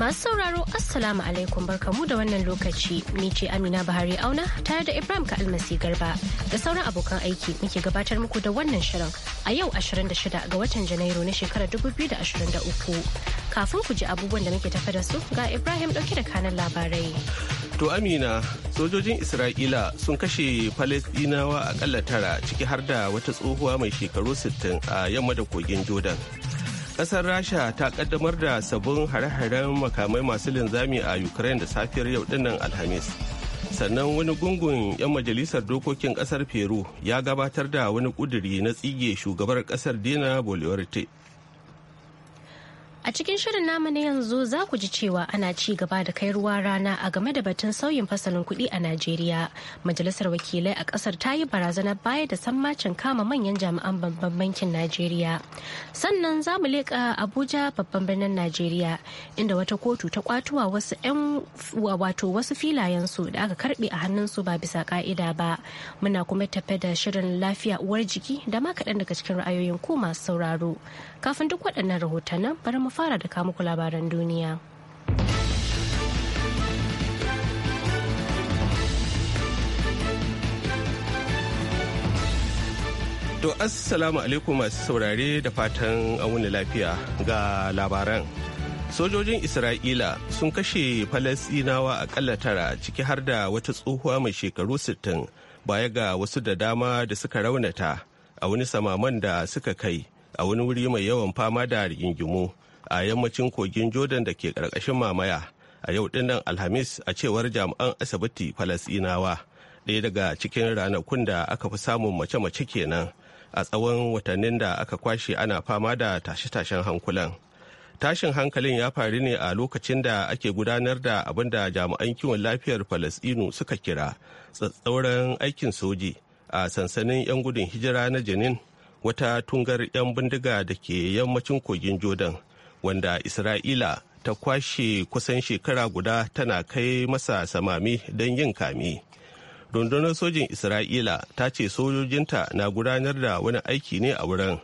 Masu sauraro Assalamu alaikum barkamu da wannan lokaci ni ce Amina Bahari Auna tare da Ibrahim Ka'almasi Garba da sauran abokan aiki muke gabatar muku da wannan shirin a yau 26 ga watan Janairu na shekarar 2023. Kafin ku ji abubuwan da muke tafa da su ga Ibrahim dauke da kanan labarai. To Amina, sojojin Isra'ila sun kashe Falasɗinawa akalla tara ciki har da wata tsohuwa mai shekaru 60 a yamma da kogin Jordan. kasar Rasha ta kaddamar da sabon hare-haren makamai masu linzami a Ukraine da safiyar yau dinnan Alhamis. Sannan wani gungun 'yan majalisar dokokin kasar Peru ya gabatar da wani kuduri na tsige shugabar kasar Dina Boluarte A cikin shirin namu na yanzu za ku ji cewa ana ci gaba da kai ruwa rana a game da batun sauyin fasalin kuɗi a Najeriya. Majalisar wakilai a ƙasar ta yi barazanar baya da sammacin kama manyan jami'an babban bankin Najeriya. Sannan za mu leƙa Abuja babban birnin Najeriya inda wata kotu ta kwatuwa wasu 'yan wato wasu filayensu da aka karɓe a hannunsu ba bisa ka'ida ba. Muna kuma tafe da shirin lafiya uwar jiki da ma kaɗan daga cikin ra'ayoyin ku masu sauraro. Kafin duk waɗannan rahotannin bari mu fara da kamuku labaran duniya. To assalamu alaikum masu saurare da fatan wuni lafiya ga labaran. Sojojin Isra'ila sun kashe Falasɗinawa akalla tara ciki har da wata tsohuwa mai shekaru 60 baya ga wasu da dama da suka raunata a wani samaman da suka kai a wani wuri mai yawan fama da rigingimu a yammacin kogin jordan da ke ƙarƙashin mamaya a yau dinnan alhamis a cewar jami'an asibiti falasinawa ɗaya daga cikin ranakun da aka fi samun mace-mace kenan a tsawon watannin da aka kwashe ana fama da tashe-tashen hankulan tashin hankalin ya faru ne a lokacin da ake gudanar da abin da jami'an kiwon lafiyar falasinu suka kira tsatsauran aikin soji a sansanin 'yan gudun hijira na jenin wata tungar 'yan bindiga da ke yammacin kogin jordan wanda isra'ila ta kwashe kusan shekara guda tana kai masa samami don yin kame rundunar sojin isra'ila ta ce sojojinta na gudanar da wani aiki ne a wurin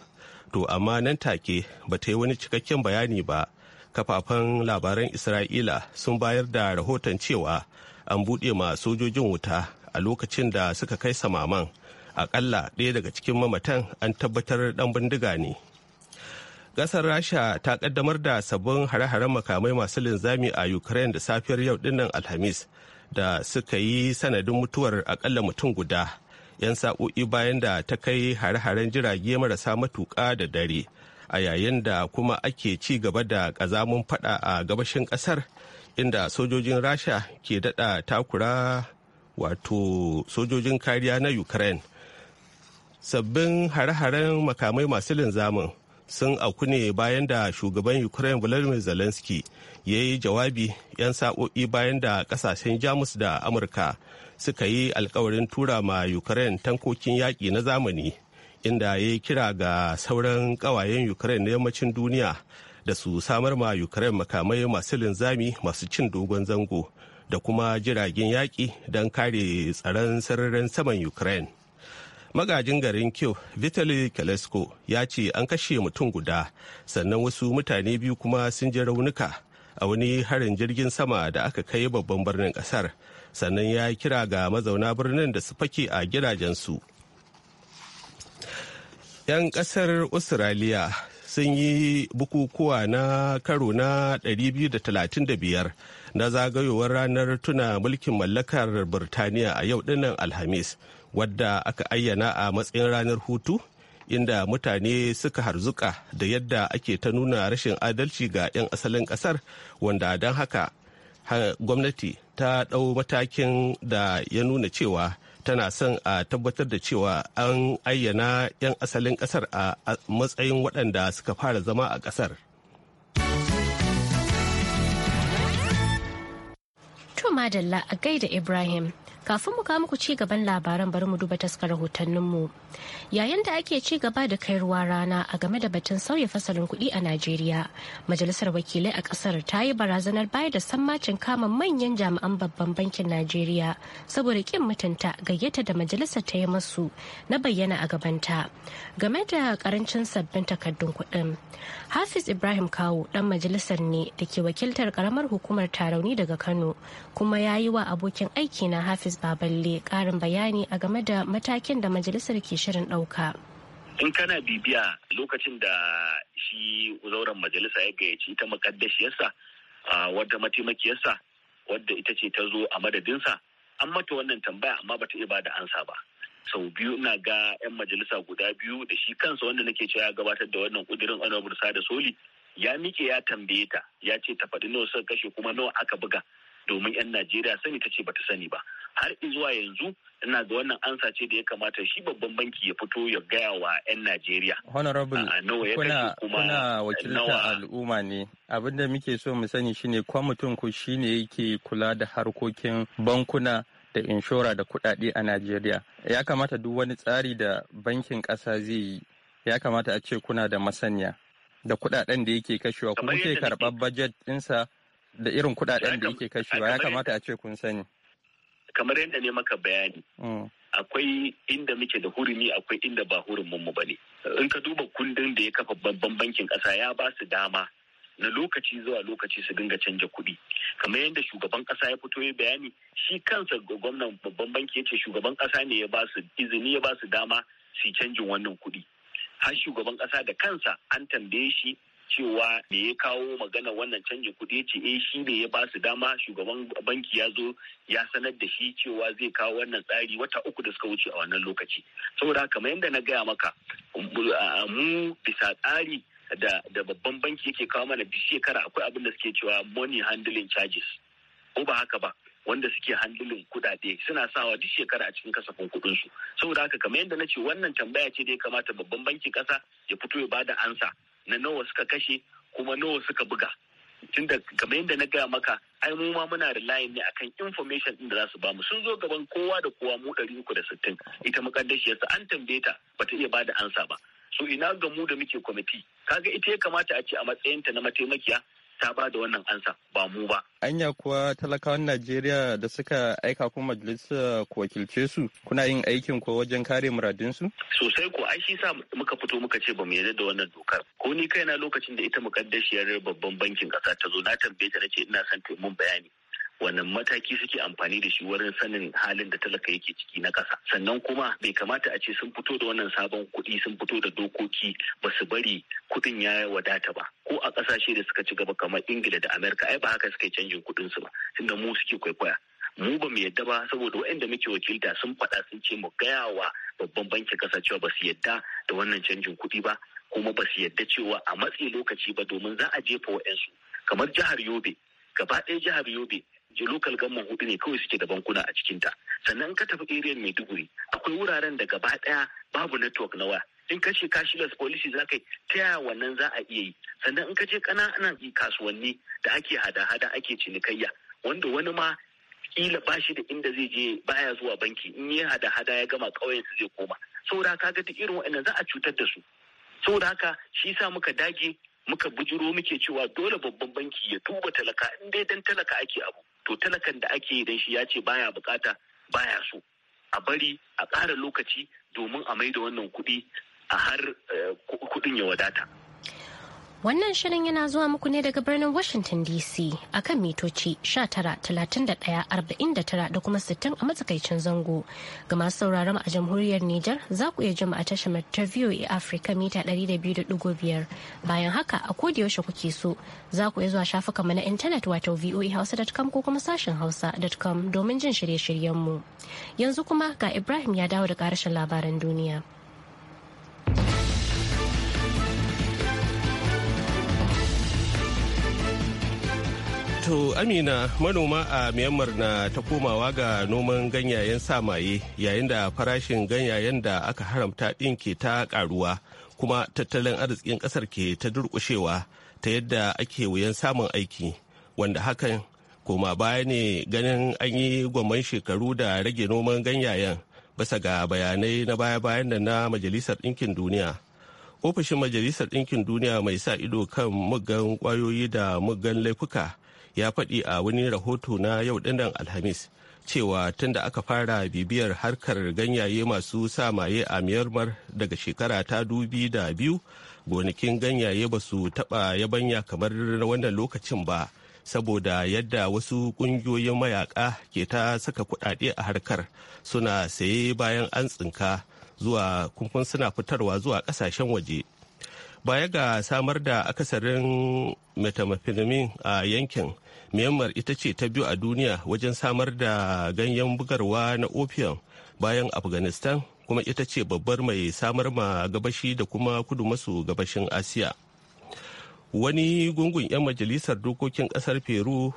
to amma nan take ba ta yi wani cikakken bayani ba kafafen labaran isra'ila sun bayar da rahoton cewa an buɗe ma sojojin wuta a lokacin da suka kai samaman akalla ɗaya daga cikin mamatan an tabbatar ɗan bindiga ne gasar rasha ta ƙaddamar da sabbin hare-haren makamai masu linzami a ukraine da safiyar yau dinnan alhamis da suka yi sanadin mutuwar akalla mutum guda yan sa'o'i bayan da ta kai hare-haren jirage marasa matuƙa da dare a yayin da kuma ake ci gaba da ƙazamin fada a gabashin ƙasar inda sojojin rasha ke daɗa takura wato sojojin kariya na ukraine sabbin hare-haren makamai masu linzamin sun auku ne bayan da shugaban ukraine volodymyr zelensky ya yi jawabi 'yan sa'o'i bayan da kasashen jamus da amurka suka yi alkawarin tura ma ukraine tankokin yaƙi na zamani inda ya yi kira ga sauran ƙawayen ukraine na yammacin duniya da su samar ma ukraine makamai masu linzami masu cin dogon zango da kuma jiragen yaƙi don kare tsaron sararin saman ukraine magajin garin kyau vitali kalesko ya ce an kashe mutum guda sannan wasu mutane biyu kuma sun ji raunuka a wani harin jirgin sama da aka kai babban birnin kasar sannan ya kira ga mazauna birnin da su fake a gidajensu 'yan kasar australia sun yi bukukuwa na karo na 235 na zagayowar ranar tuna mulkin mallakar birtaniya a yau dinnan alhamis wadda aka ayyana a matsayin ranar hutu inda mutane suka harzuka da yadda ake ta nuna rashin adalci ga 'yan asalin kasar wanda don haka gwamnati ta ɗau matakin da ya nuna cewa tana son a tabbatar da cewa an ayyana 'yan asalin kasar a matsayin waɗanda suka fara zama a kasar. madalla a gaida Ibrahim Kafin mu kawo muku ci gaban labaran bari mu duba taskar mu. Yayin da ake ci gaba da kai ruwa rana a game da batun sauya fasalin kuɗi a Najeriya, Majalisar Wakilai a ƙasar ta yi barazanar bayar da sammacin kama manyan jami'an babban bankin Najeriya saboda ƙin mutunta gayyata da majalisar ta yi masu na bayyana a gabanta. Game da karancin sabbin takardun kuɗin. Hafiz Ibrahim Kawo ɗan majalisar ne da ke wakiltar ƙaramar hukumar tarauni daga Kano kuma ya yi wa abokin aiki na Hafiz Baballe ƙarin bayani a game da matakin da majalisar ke shirin ɗauka. in kana bibiya lokacin da shi zauren majalisa ya gayyaci ta makaddashiyarsa wadda mataimakiyarsa wadda ita ce ta zo a madadinsa an mata wannan tambaya amma ba ta iya da ansa ba sau biyu na ga 'yan majalisa guda biyu da shi kansa wanda nake cewa ya gabatar da wannan kudirin honorable sada soli ya mike ya tambaye ta ya ce ta faɗi nawa suka kashe kuma nawa aka buga domin 'yan najeriya sani ta ce ba ta sani ba har izuwa yanzu ina ga wannan ansa ce da ya kamata shi babban banki ya fito ya gaya wa 'yan Najeriya. Honorable, kuna, kuna wakilta al'umma ne. Abin da muke so mu sani shine kwamitin ku shine yake kula da harkokin bankuna da inshora da kudade a Najeriya. Ya kamata duk wani tsari da bankin ƙasa zai yi, ya kamata a ce kuna da masaniya da kudaden da yake kashewa, kuma ke karɓar bajet ɗinsa da irin kudaden da yake kashewa, ya kamata a ce kun sani. kamar yadda ne maka bayani mm. akwai inda muke da hurumi akwai inda ba hurumin mu bane in ka duba kundin da ya kafa babban bankin kasa ya ba su dama na lokaci zuwa lokaci su dinga canja kuɗi kamar yadda shugaban kasa ya fito ya bayani shi kansa gwamnan babban banki ya ce shugaban kasa ne ya ba su izini ya ba su dama su canjin wannan kuɗi har shugaban kasa da kansa an tambaye shi cewa me ya kawo magana wannan canjin kuɗi ce eh shi ne ya ba su dama shugaban banki ya zo ya sanar da shi cewa zai kawo wannan tsari wata uku da suka wuce a wannan lokaci saboda kamar yadda na gaya maka mu bisa tsari da babban banki yake kawo mana duk shekara akwai abin da suke cewa money handling charges ko ba haka ba wanda suke handling kudade suna sawa duk shekara a cikin kasafin kudin su saboda haka kamar yadda nace wannan tambaya ce da ya kamata babban bankin kasa ya fito ya bada ansa na nawa suka kashe kuma nawa suka buga tunda kamar yadda na gaya maka ai mu ma muna layin ne akan information din da za su bamu sun zo gaban kowa da kowa mu ɗari uku da sittin ita makaddashi an tambaye ta bata iya bada ansa ba so ina ga mu da muke kwamiti kaga ita ya kamata a ce a matsayinta na mataimakiya ta ba da wannan ansa ba mu ba. Anya kuwa talakawan Najeriya da suka aika ku majalisa ku wakilce su kuna yin aikin ko wajen kare muradinsu? Sosai ko ai shi sa muka fito muka ce ba mu yarda da wannan dokar. Ko ni kaina lokacin da ita mukaddashiyar babban bankin ƙasa ta zo na tambaye ta ce ina son to mun bayani. wanne mataki suke amfani da shi wurin sanin halin da talaka yake ciki na kasa. sannan kuma bai kamata a ce sun fito da wannan sabon kuɗi sun fito da dokoki ba su bari kuɗin ya wadata ba ko a ƙasashe da suka ci gaba kamar ingila da amerika ai ba haka suka yi canjin kuɗin su ba tunda mu suke kwaikwaya mu ba mu yadda ba saboda waɗanda muke wakilta sun faɗa sun ce mu gaya wa babban bankin ƙasa cewa ba su yadda da wannan canjin kuɗi ba kuma ba su yadda cewa a matsi lokaci ba domin za a jefa wa'yansu kamar jihar yobe gaba ɗaya jihar yobe je local government hudu ne kawai suke da bankuna a cikinta sannan ka tafi area maiduguri akwai wuraren da gaba daya babu network na waya in ka ce cashless policy za ka yi ta yaya wannan za a iya yi sannan in ka je ƙananan kasuwanni da ake hada-hada ake cinikayya wanda wani ma kila ba shi da inda zai je baya zuwa banki in ya hada-hada ya gama ƙauyen su zai koma saboda ka ga irin wa'annan za a cutar da su saboda haka shi sa muka dage muka bujiro muke cewa dole babban banki ya tuba talaka in dai dan talaka ake abu to talakan da ake dan shi ya ce baya bukata baya so a bari a ƙara lokaci domin a maida wannan kuɗi a har eh, kuɗin ya wadata Wannan shirin yana zuwa muku ne daga birnin Washington DC a kan mitoci talatin da kuma 60 a matsakaicin zango. Ga masu sauraron a jamhuriyar Nijar za ku iya jima a tashar ta VOA Africa mita 200.5. Bayan haka a koda yaushe kuke so za ku iya zuwa shafukanmu na intanet wato voahausa.com ko kuma sashen hausa.com domin jin shirye-shiryenmu. Yanzu kuma ga Ibrahim ya dawo da ƙarashin labaran duniya. To Amina manoma a Myanmar na ta komawa ga noman ganyayen samaye yayin da farashin ganyayen da aka haramta ɗin ke ta ƙaruwa kuma tattalin arzikin ƙasar ke ta durƙushewa ta yadda ake wuyan samun aiki wanda hakan koma baya ne ganin an yi gwamman shekaru da rage noman ganyayen basa ga bayanai na baya-bayan da na majalisar ɗinkin duniya ofishin majalisar ɗinkin duniya mai sa ido kan mugan kwayoyi da mugan laifuka ya faɗi a wani rahoto na yau ɗinnan alhamis cewa tun da aka fara bibiyar harkar ganyaye masu sa maye a myanmar daga shekara ta dubi da biyu gonakin ganyaye ba su taɓa yabanya kamar wannan lokacin ba saboda yadda wasu ƙungiyoyin mayaƙa ke ta saka kuɗaɗe a harkar suna saye bayan an tsinka zuwa kunkun suna fitarwa zuwa ƙasashen waje baya ga samar da akasarin methamphetamine a yankin myanmar ita ce ta biyu a duniya wajen samar da ganyen bugarwa na opium bayan afghanistan kuma ita ce babbar mai samar ma gabashi da kuma kudu maso gabashin asiya wani gungun 'yan majalisar dokokin kasar peru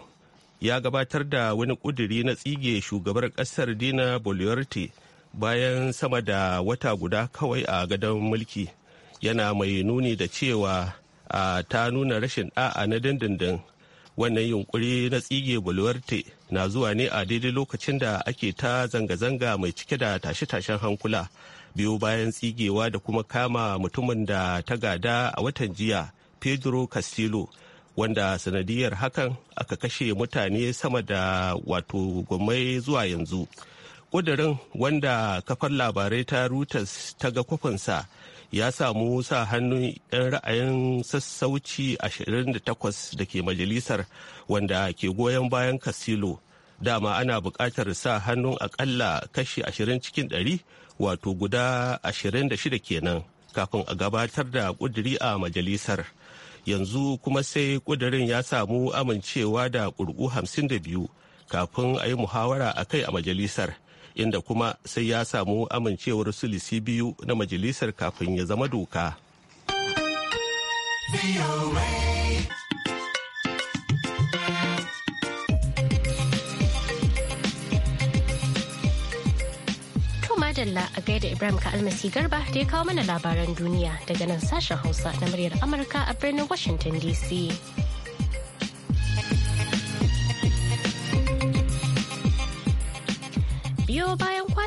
ya gabatar da wani kuduri na tsige shugabar kasar dina boliorti bayan sama da wata guda kawai a gadon mulki yana mai nuni da cewa ta nuna rashin a'a na dindindin wannan yunkuri na tsige bulwarte na zuwa ne a daidai lokacin da ake ta zanga-zanga mai cike da tashe-tashen hankula biyu bayan tsigewa da kuma kama mutumin da ta gada a watan jiya pedro castillo wanda sanadiyar hakan aka kashe mutane sama da wato gwamai zuwa yanzu ƙudurin wanda kafar labarai ta reuters ta ga kwafinsa ya samu sa hannun 'yan ra'ayin sassauci 28 da ke majalisar wanda ke goyon bayan kasilo dama ana buƙatar sa hannun akalla kashi 20 cikin 100 wato guda 26 kenan kafin a gabatar da ƙuduri a majalisar yanzu kuma sai ƙudurin ya samu amincewa da ƙuri'u 52 kafin a yi muhawara a kai a majalisar inda kuma sai ya samu amincewar sulisi biyu na majalisar kafin ya zama doka. Madalla a gaida Ibrahim ka almasi garba da ya kawo mana labaran duniya daga nan sashen Hausa na muryar Amurka a birnin Washington DC.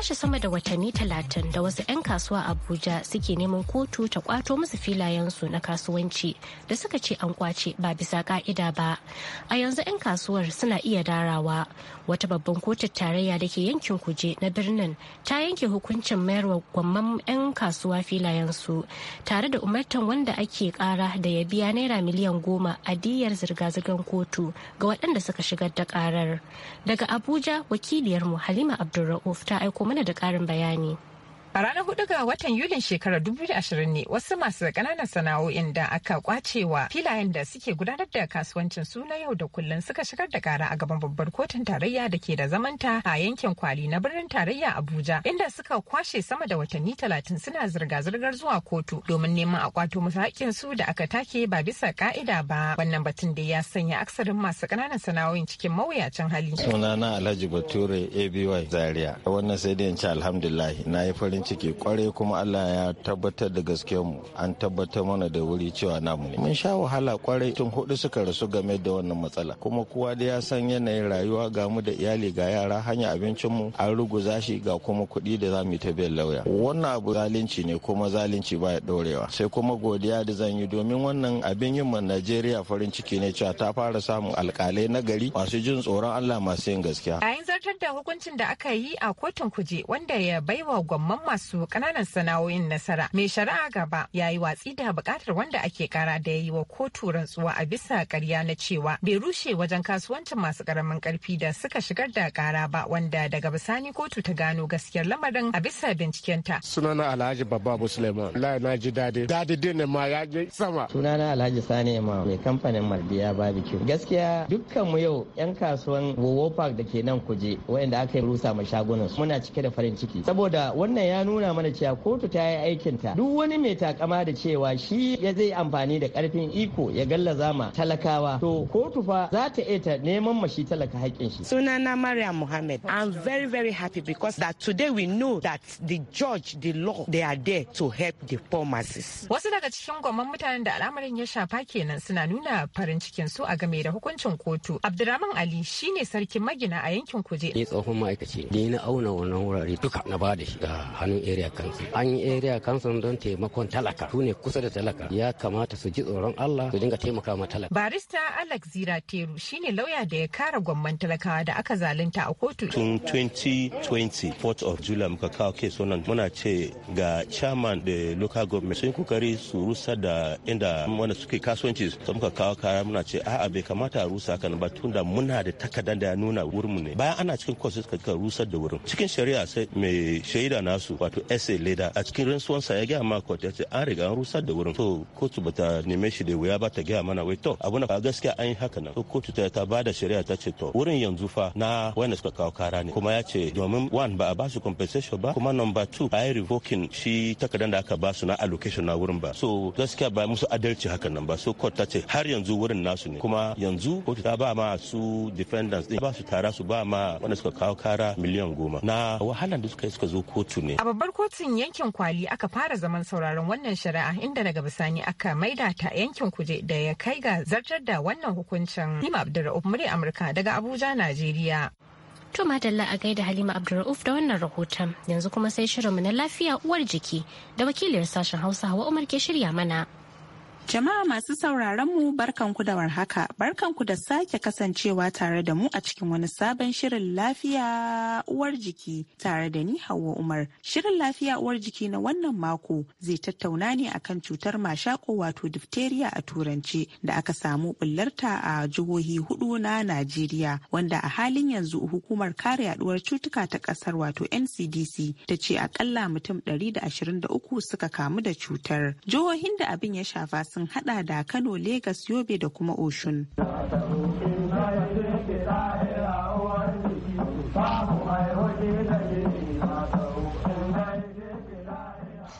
tashi sama da watanni talatin da wasu 'yan kasuwa a abuja suke neman kotu ta kwato musu filayensu na kasuwanci da suka ce an kwace ba bisa ka'ida ba a yanzu 'yan kasuwar suna iya darawa wata babban kotun tarayya da ke yankin kuje na birnin ta yanke hukuncin mayarwa gwamman 'yan kasuwa filayensu tare da umartan wanda ake kara da ya biya naira miliyan goma a diyar zirga-zirgar kotu ga waɗanda suka shigar da karar daga abuja wakiliyarmu halima abdulra'uf ta aiko mana da ƙarin bayani. A ranar hudu ga watan Yulin shekarar 2020 ne wasu masu kananan sana'o'in da aka kwacewa filayen da suke gudanar da kasuwancin su na yau da kullum suka shigar da kara a gaban babbar kotun tarayya da ke da zamanta a yankin kwali na birnin tarayya Abuja inda suka kwashe sama da watanni talatin suna zirga-zirgar zuwa kotu domin neman a kwato musu haƙƙin su da aka take ba bisa ka'ida ba wannan batun da ya sanya aksarin masu kananan sana'o'in cikin mawuyacin hali. Sunana Alhaji Bature ABY Zaria wannan sai dai in ce alhamdulillah na yi farin farin kwarai kuma Allah ya tabbatar da gaskiyar mu an tabbatar mana da wuri cewa namu ne mun sha wahala kwarai tun hudu suka rasu game da wannan matsala kuma kowa da ya san yanayin rayuwa ga mu da iyali ga yara hanya abincin mu an ruguza shi ga kuma kuɗi da zamu ta biyan lauya wannan abu zalunci ne kuma zalunci baya dorewa sai kuma godiya da zan yi domin wannan abin yin ma Najeriya farin ciki ne cewa ta fara samun alkalai na gari masu jin tsoron Allah masu yin gaskiya yayin zartar da hukuncin da aka yi a kotun kuje wanda ya baiwa gwamman masu kananan sana'o'in nasara mai shari'a gaba ya yi watsi da bukatar wanda ake kara da ya yi wa kotu rantsuwa a bisa ƙarya na cewa bai rushe wajen kasuwancin masu karamin karfi da suka shigar da kara ba wanda daga bisani kotu ta gano gaskiyar lamarin a bisa ta. sunana alhaji babba musulman lai na ji dadi dadi din ma ya je sama. sunana alhaji sani ma mai kamfanin malbiya barbecue gaskiya dukkan mu yau yan kasuwan wowo park da ke nan kuje wayanda aka yi rusa ma shagunan muna cike da farin ciki saboda wannan ya nuna mana cewa kotu ta yi aikinta duk wani mai takama da cewa shi ya zai amfani da karfin iko ya gallaza ma talakawa to kotu fa za ta iya ta neman mashi talaka haƙƙin shi sunana maryam muhammad i'm very very happy because that today we know that the judge the law they are there to help the poor masses wasu daga cikin gwamnan mutanen da al'amarin ya shafa kenan suna nuna farin cikin su a game da hukuncin kotu abdurrahman ali shine sarkin magina a yankin kuje ni tsohon ma'aikaci ni na auna wannan wurare duka na ba da shi tsakanin area council an yi area council don taimakon talaka su ne kusa da talaka ya kamata su ji tsoron Allah su dinga taimaka ma talaka barista Alex Zira Teru shine lauya da ya kara gwamnatin talakawa da aka zalunta a kotu tun 2020 fourth of July muka kawo case wannan muna ce ga chairman da local government sun kokari su rusa da inda wanda suke kasuwanci su muka kawo kara muna ce a'a bai kamata a rusa kan ba tunda muna da takardar da ya nuna mu ne bayan ana cikin court suka rusa da wurin cikin shari'a sai mai shaida nasu wato essay leda a cikin rantsuwansa ya gaya ma court ya ce an riga an rusar da wurin to kotu bata neme shi da wuya ba ta gaya mana wai to abu na gaskiya an yi haka nan to kotu ta ta bada shari'a ta ce to wurin yanzu fa na wanda suka kawo kara ne kuma ya ce domin one ba a ba su compensation ba kuma number two a yi revoking shi takardar da aka ba su na allocation na wurin ba so gaskiya ba musu adalci hakan nan ba so court ta ce har yanzu wurin nasu ne kuma yanzu kotu ta ba ma su defendants din ba su tara su ba ma wanda suka kawo kara miliyan goma na wahalan da suka yi suka zo kotu ne. babbar kotun yankin kwali aka fara zaman sauraron wannan shari'a inda daga bisani aka maida ta yankin kuje da ya kai ga zartar da wannan hukuncin. Halima Abdulra'uf murya Amurka daga Abuja, Najeriya. To madalla a gaida Halima Abdulra'uf da wannan rahoton yanzu kuma sai shirinmu na lafiya uwar jiki da wakiliyar sashen Hausa Hawa Umar ke shirya mana. Jama'a masu sauraron mu barkanku da warhaka, barkanku da sake kasancewa tare da mu a cikin wani sabon shirin lafiya uwar jiki tare da ni Hauwa Umar. Shirin lafiya uwar jiki na wannan mako zai tattauna ne akan cutar mashako wato diphtheria a turanci da aka samu bullarta a jihohi hudu na Najeriya wanda a halin yanzu hukumar kare yaduwar cutuka ta kasar wato NCDC ta ce akalla mutum 123 suka kamu da cutar. Jihohin da abin ya shafa sun hada da Kano, Legas, Yobe da kuma Oshun.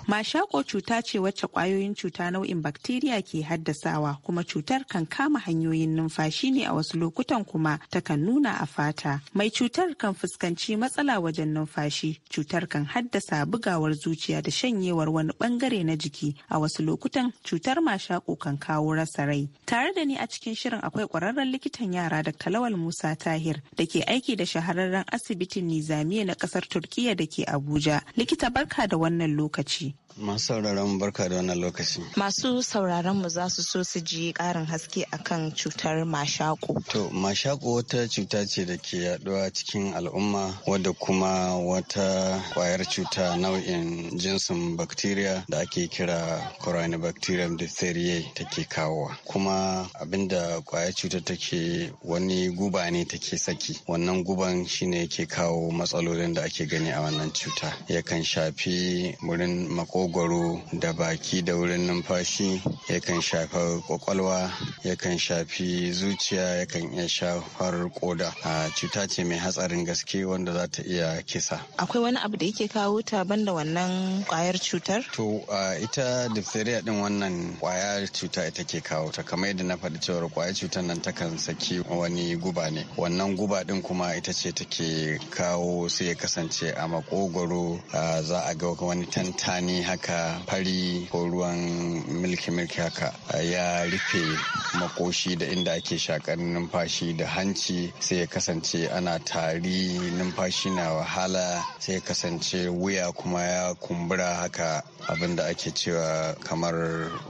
Mashako cuta ce wacce kwayoyin cuta nau'in bakteriya ke haddasawa kuma cutar kan kama hanyoyin numfashi ne a wasu lokutan kuma takan nuna a fata. Mai cutar kan fuskanci matsala wajen numfashi, cutar kan haddasa bugawar zuciya da shanyewar wani bangare na jiki a wasu lokutan cutar mashako kan kawo rasa rai. Tare da ni a cikin shirin akwai kwararren likitan yara da Lawal Musa Tahir da ke aiki da shahararren asibitin Nizamiya na kasar Turkiya da ke Abuja. Likita barka da wannan lokaci. ci Masu sauraron barka da wannan lokaci. Masu sauraron mu za su so su ji karin haske akan cutar mashako. To mashako wata cuta ce da ke yaduwa cikin al'umma wadda kuma wata kwayar cuta nau'in jinsin bakteriya da ake kira Corynebacterium diphtheriae take kawowa. Kuma abinda kwayar cuta take wani guba ne take saki. Wannan guban shine ke kawo matsalolin da ake gani a wannan cuta. Yakan shafi wurin mako makogwaro da baki da wurin numfashi yakan shafa kwakwalwa yakan shafi zuciya yakan iya shafar koda a cuta ce mai hatsarin gaske wanda za ta iya kisa akwai wani abu da yake kawo ta banda wannan kwayar cutar to ita diphtheria din wannan kwayar cuta ita ke kawo ta kamar yadda na faɗi cewar kwayar cutar nan takan saki wani guba ne wannan guba din kuma ita ce take kawo sai ya kasance a makogwaro za a ga wani tantani haka fari ko ruwan milki-milki haka ya rufe makoshi da inda ake shakar numfashi da hanci sai ya kasance ana tari numfashi na wahala sai ya kasance wuya kuma ya kumbura haka abin da ake cewa kamar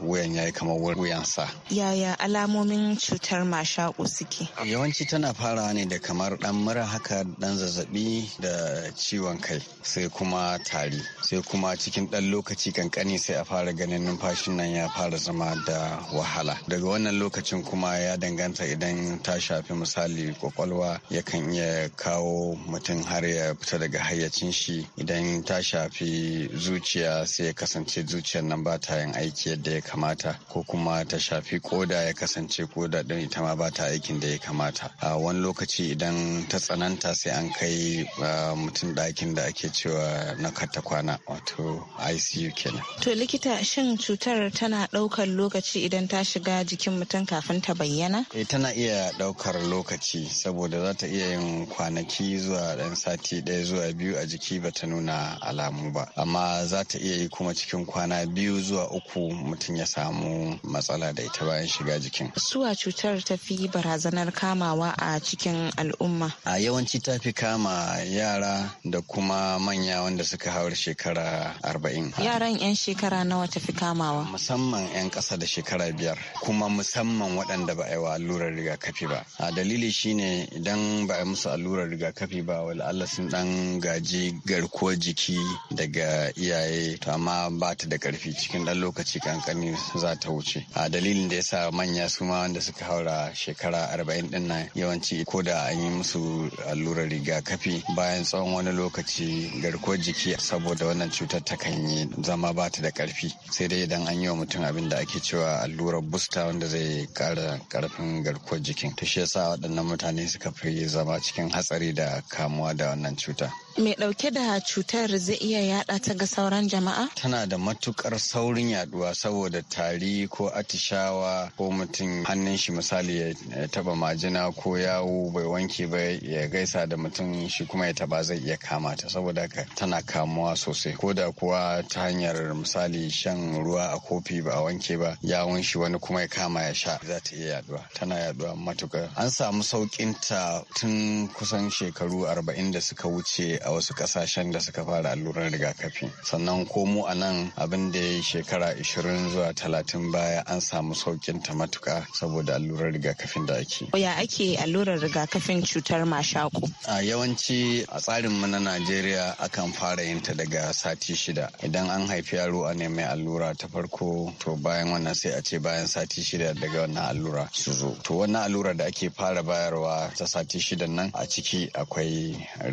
wuyan ya yi kamar wuyansa. Yaya alamomin cutar mashaƙo suke? Yawanci tana farawa ne da kamar ɗan mura haka ɗan zazzaɓi da ciwon kai sai kuma tari sai kuma cikin ɗan lokaci lokaci kankani sai a fara ganin numfashin nan ya fara zama da wahala daga wannan lokacin kuma ya danganta idan ta shafi misali kwakwalwa yakan iya kawo mutum har ya fita daga hayyacin shi idan ta shafi zuciya sai ya kasance zuciyar nan ba ta yin aiki yadda ya kamata ko kuma ta shafi koda ya kasance koda din ita ma ba ta aikin da ya kamata a wani lokaci idan ta tsananta sai an kai ah, mutum ɗakin da ake cewa na kwana wato ICU biyu kenan. To likita shin cutar tana ɗaukar lokaci idan ta shiga jikin mutum kafin ta bayyana? Eh tana iya ɗaukar lokaci saboda za ta iya yin kwanaki zuwa ɗan sati ɗaya zuwa biyu a jiki ba ta nuna alamu ba. Amma za ta iya yi kuma cikin kwana biyu zuwa uku mutum ya samu matsala da ita bayan shiga jikin. Suwa cutar ta fi barazanar kamawa a cikin al'umma? A yawanci ta fi kama yara da kuma manya wanda suka haura shekara arba'in. yaran 'yan shekara nawa tafi kamawa musamman 'yan ƙasa da shekara biyar kuma musamman waɗanda ba a yi wa allurar rigakafi ba a dalili shine idan ba a musu allurar rigakafi ba Allah sun dan gaji garkuwar jiki daga iyaye to amma ba ta da ƙarfi cikin ɗan lokaci kankani za ta wuce a dalilin da yasa manya su ma wanda suka haura shekara arba'in din nan yawanci ko da an yi musu allurar rigakafi bayan tsawon wani lokaci garkuwar jiki saboda wannan cutar ta kan yi zama ba ta da karfi sai dai idan an yi wa mutum abin da ake cewa allurar busta wanda zai kara karfin garkuwar jikin ta shi yasa waɗannan mutane suka fi zama cikin hatsari da kamuwa da wannan cuta mai ɗauke da cutar zai iya yada ta ga sauran jama'a tana da matukar saurin yaduwa saboda tari ko atishawa ko mutum hannun shi misali ya taba majina ko yawo bai wanke ba ya gaisa da mutum shi kuma ya taba zai iya kama ta saboda tana kamuwa sosai ko da kuwa ta hanyar misali shan ruwa a kofi ba a wanke ba yawon shi wani kuma ya kama ya sha za ta iya yaduwa tana yaduwa matuka an samu saukin ta tun kusan shekaru arba'in da suka wuce a wasu kasashen da suka fara allurar rigakafi sannan ko mu a nan abin da ya shekara ishirin zuwa talatin baya an samu saukin ta matuka saboda allurar rigakafin da ake ya ake allurar rigakafin cutar mashaku a yawanci a tsarin mu na najeriya akan fara yin ta daga sati shida idan an haifi yaro a ne allura ta farko to bayan wannan sai a ce bayan sati shida daga wannan allura su zo to wannan allura da ake fara bayarwa ta sati shida nan a ciki akwai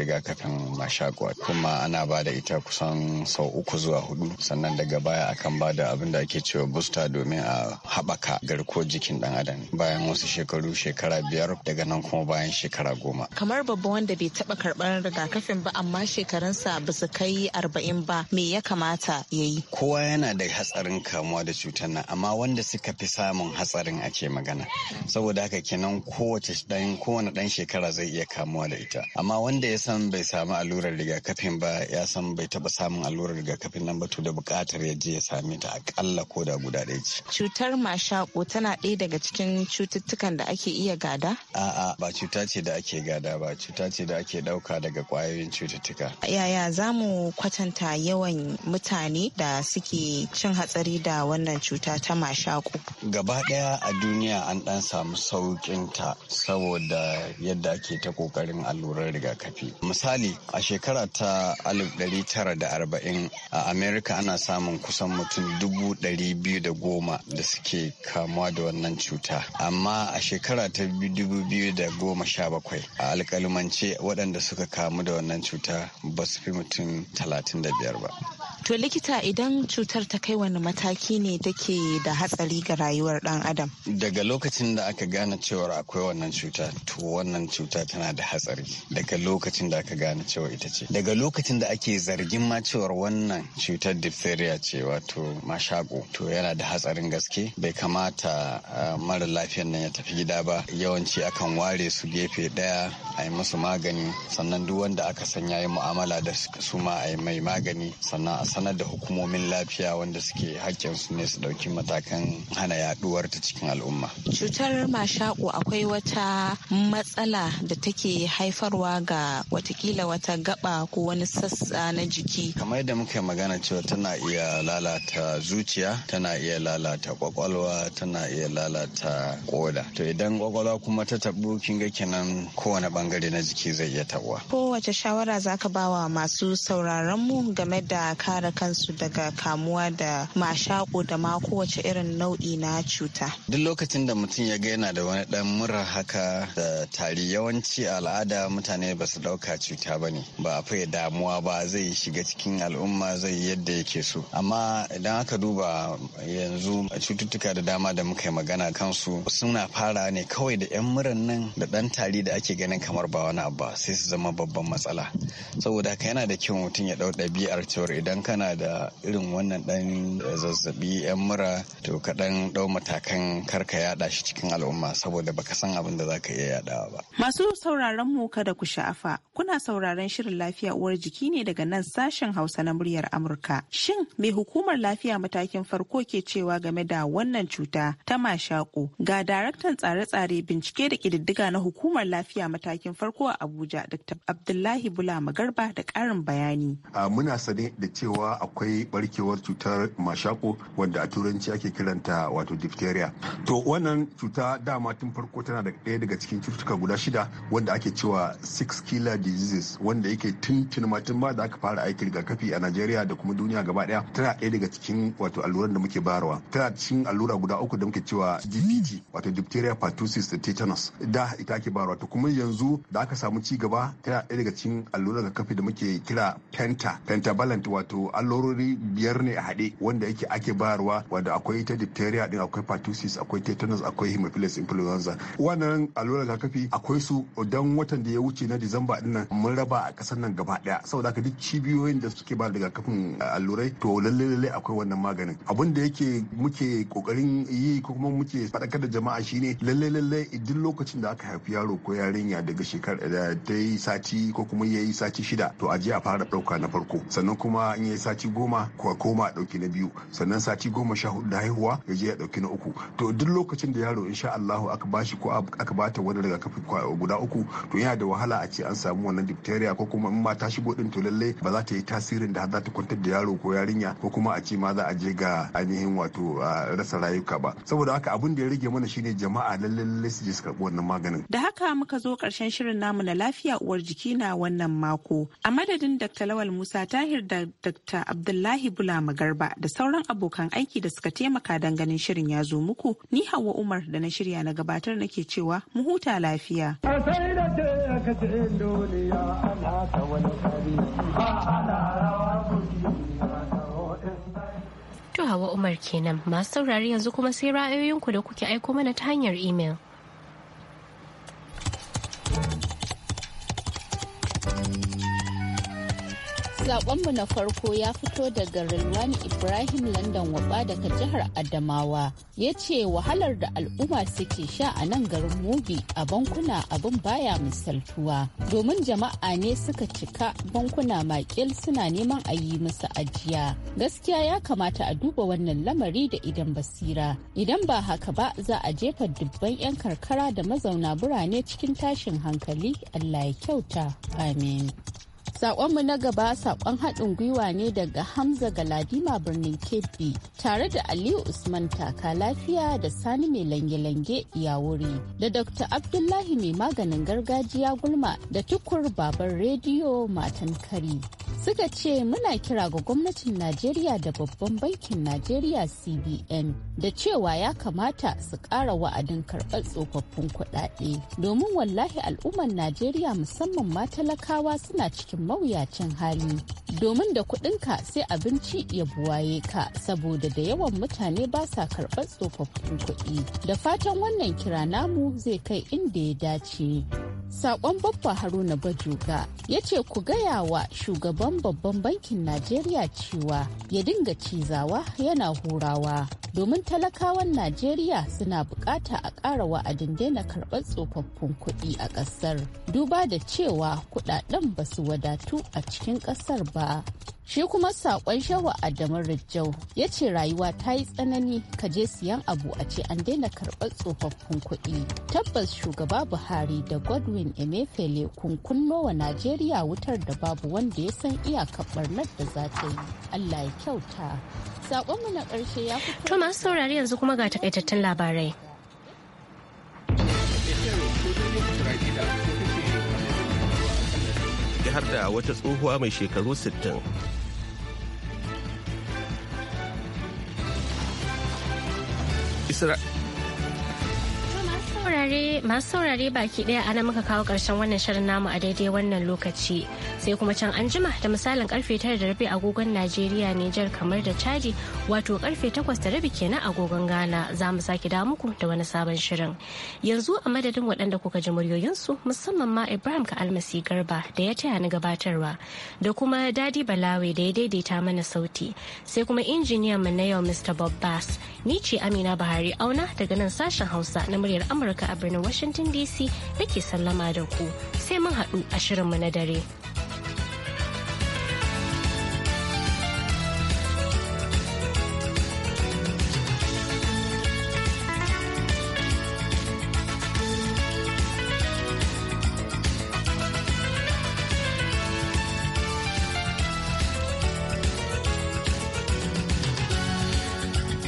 rigakafin mashakwa kuma ana ba da ita kusan sau uku zuwa hudu sannan daga baya akan ba da abin da ake cewa booster domin a haɓaka garkuwar jikin dan adam bayan wasu shekaru shekara biyar daga nan kuma bayan shekara goma kamar babba wanda bai taba karɓar rigakafin ba amma shekarunsa ba su kai arba'in ba me ya kamata jikinsa ya yi kowa yana da hatsarin kamuwa da cutar nan amma wanda suka fi samun hatsarin ake magana saboda haka kenan kowace dan kowane dan shekara zai iya kamuwa da ita amma wanda ya san bai samu allurar rigakafin ba ya san bai taba samun allurar rigakafin nan ba to da buƙatar ya je ya same ta akalla ko da guda ɗaya ce cutar mashako tana ɗaya daga cikin cututtukan da ake iya gada a'a ba cuta ce da ake gada ba cuta ce da ake ɗauka daga ƙwayoyin cututtuka yaya za mu kwatanta yawan mutane mutane da suke cin hatsari da wannan cuta ta mashaku. Gaba ɗaya a duniya an ɗan samu sauƙin ta saboda yadda ake ta ƙoƙarin allurar rigakafi. Misali a shekara ta 1940 a Amerika ana samun kusan mutum dubu ɗari biyu da goma da suke kamuwa da wannan cuta. Amma a shekara ta dubu biyu da goma sha bakwai a alƙalumance waɗanda suka kamu da wannan cuta ba su fi mutum talatin da biyar ba. To likita idan cutar ta kai wani mataki ne take da hatsari ga rayuwar dan adam? Daga lokacin da aka gane cewar akwai wannan cuta, to wannan cuta tana da hatsari. Daga lokacin da aka gane cewa ita ce. Daga lokacin da ake zargin ma cewar wannan cutar diphtheria ce wato mashako, to yana da hatsarin gaske. Bai kamata mara lafiyan nan ya tafi gida ba. Yawanci akan ware su gefe daya a yi musu magani, sannan duk wanda aka san ya yi mu'amala da su ma a yi mai magani, sannan a sanar da hukumomin lafiya wanda suke hakkin su ne su dauki matakan hana yaduwar ta cikin al'umma cutar mashaƙo akwai wata matsala da take haifarwa ga watakila wata gaba ko wani sassa na jiki kamar yadda muka yi magana cewa tana iya lalata zuciya tana iya lalata kwakwalwa tana iya lalata koda to idan kwakwalwa kuma ta tabu kin ga kenan kowane bangare na jiki zai iya tabuwa kowace shawara zaka bawa masu sauraron mu game da kare kare kansu daga kamuwa da mashako da ma kowace irin nau'i na cuta. Duk lokacin da mutum ya ga yana da wani dan mura haka da tari yawanci al'ada mutane ba su dauka cuta ba ne ba a fiye damuwa ba zai shiga cikin al'umma zai yadda yake so amma idan aka duba yanzu cututtuka da dama da muka yi magana kansu suna fara ne kawai da 'yan muran nan da dan tari da ake ganin kamar ba wani abu sai su zama babban matsala saboda haka yana da kyau mutum ya dau ɗabi'ar cewar idan ka kana da irin wannan dan zazzabi yan mura to ka dan dau matakan karka yaɗa shi cikin al'umma saboda baka san abin da zaka iya yadawa ba masu sauraron mu kada ku sha'afa kuna sauraron shirin lafiya uwar jiki ne daga nan sashen Hausa na muryar Amurka shin me hukumar lafiya matakin farko ke cewa game da wannan cuta ta mashaƙo ga daraktan tsare-tsare bincike da ƙididdiga na hukumar lafiya matakin farko a Abuja Dr. Abdullahi Bula Magarba da ƙarin bayani muna sane da cewa cewa akwai barkewar cutar mashako wanda a turanci ake kiranta wato diphtheria to wannan cuta dama tun farko tana da ɗaya daga cikin cututtuka guda shida wanda ake cewa six killer diseases wanda yake tun tun ba da aka fara aikin rigakafi a najeriya da kuma duniya gaba daya tana ɗaya daga cikin wato alluran da muke bayarwa tana cikin allura guda uku da muke cewa dpt wato diphtheria pertussis da tetanus da ita ake bayarwa to kuma yanzu da aka samu ci gaba tana ɗaya daga cikin allurar rigakafi da muke kira penta pentavalent wato allurori biyar ne a haɗe wanda yake ake bayarwa wanda akwai ta diphtheria din akwai pertussis akwai tetanus akwai hemophilus influenza wannan allurar rigakafi akwai su dan watan da ya wuce na disamba din nan mun raba a ƙasar nan gaba ɗaya saboda haka duk cibiyoyin da suke ba kafin eh, allurai to lalle lalle akwai wannan maganin abin da yake muke kokarin yi ko kuma muke faɗakar da jama'a shine lalle lalle idan lokacin da aka haifi yaro ko yarinya daga shekara da ta yi sati ko kuma ya yi sati shida to a je a fara ɗauka na farko sannan kuma in ya sati goma kuwa koma a ɗauki na biyu sannan sati goma sha hudu da haihuwa ya je ya ɗauki na uku to duk lokacin da yaro insha Allahu aka bashi ko aka bata wani rigakafi guda uku to yana da wahala a ce an samu wannan diphtheria ko kuma in ma ta shigo din to lallai ba za ta yi tasirin da za ta kwantar da yaro ko yarinya ko kuma a ce ma za a je ga ainihin wato rasa rayuka ba saboda haka abin da ya rage mana shine jama'a lallai lalle su je su karɓi wannan maganin da haka muka zo karshen shirin namu na lafiya uwar jiki na wannan mako a madadin Dr. Lawal Musa Tahir da Dr. Dr. Abdullahi Bula Garba da sauran abokan aiki da suka taimaka don ganin shirin ya zo muku. Ni Hauwa Umar da na shirya na gabatar nake cewa mu huta lafiya. To Hawa Umar kenan masu saurari yanzu kuma sai ra'ayoyinku da kuke aiko mana ta hanyar imel. Sakonmu na farko ya fito daga Rilwani Ibrahim London waɓa daga jihar Adamawa. Ya ce wahalar da al'umma suke sha a nan garin Mugi a bankuna abin baya misaltuwa. Domin jama'a ne suka cika bankuna makil suna neman a yi musu ajiya. Gaskiya ya kamata a duba wannan lamari da idan basira. Idan ba haka ba za a jefa dubban 'yan karkara da mazauna birane cikin tashin hankali. Allah ya kyauta. Amin. Sakonmu na gaba saƙon haɗin gwiwa ne daga Hamza Galadima birnin Kebbi tare da Aliyu Usman Taka Lafiya da Sani Mai Lange-Lange wuri da Dr. Abdullahi Mai Maganin Gargajiya Gulma da Tukur babar Rediyo Matan Kari. Suka ce muna kira ga gwamnatin Najeriya da babban bankin Najeriya CBN da cewa ya kamata su ƙara wa'adin karɓar tsofaffin kuɗaɗe domin wallahi al'ummar Najeriya musamman ma talakawa suna cikin mawuyacin hali domin da kuɗinka sai abinci ya buwaye ka saboda da yawan mutane ba sa karɓar tsofaffin kuɗi da fatan wannan kira namu zai kai inda ya dace sakon babba haruna bajoga ya ce ku gaya wa shugaban babban bankin najeriya cewa ya dinga cizawa yana hurawa domin talakawan najeriya suna bukata a ƙara wa'adin daina karɓar tsofaffin kuɗi a ƙasar duba da cewa kuɗaɗen ba su wadatar makarantu a cikin ƙasar ba. Shi kuma saƙon shawa Adamu rijjau ya ce rayuwa ta yi tsanani ka je siyan abu a ce an daina karɓar tsofaffin kuɗi. Tabbas shugaba Buhari da Godwin Emefele kunkunno wa Najeriya wutar da babu wanda ya san iyakar ɓarnar da za ta yi. Allah ya kyauta. Saƙonmu na ƙarshe ya fito. To masu saurari yanzu kuma ga takaitattun labarai. ciki har da wata tsohuwa mai shekaru 60 Isra masu saurare baki daya ana muka kawo karshen wannan shirin namu a daidai wannan lokaci sai kuma can anjima da misalin karfe tara da rabi agogon najeriya nijar kamar da chadi wato karfe takwas da rabi kenan agogon ghana za mu sake da muku da wani sabon shirin yanzu a madadin waɗanda kuka ji muryoyinsu musamman ma ibrahim ka almasi garba da ya taya ni gabatarwa da kuma dadi balawe da ya daidaita mana sauti sai kuma injiniyan mu na yau mr bob bass ni ce amina buhari auna daga nan sashen hausa na muryar amurka a birnin Washington DC da ke sallama da ku sai mun haɗu a shirinmu na dare.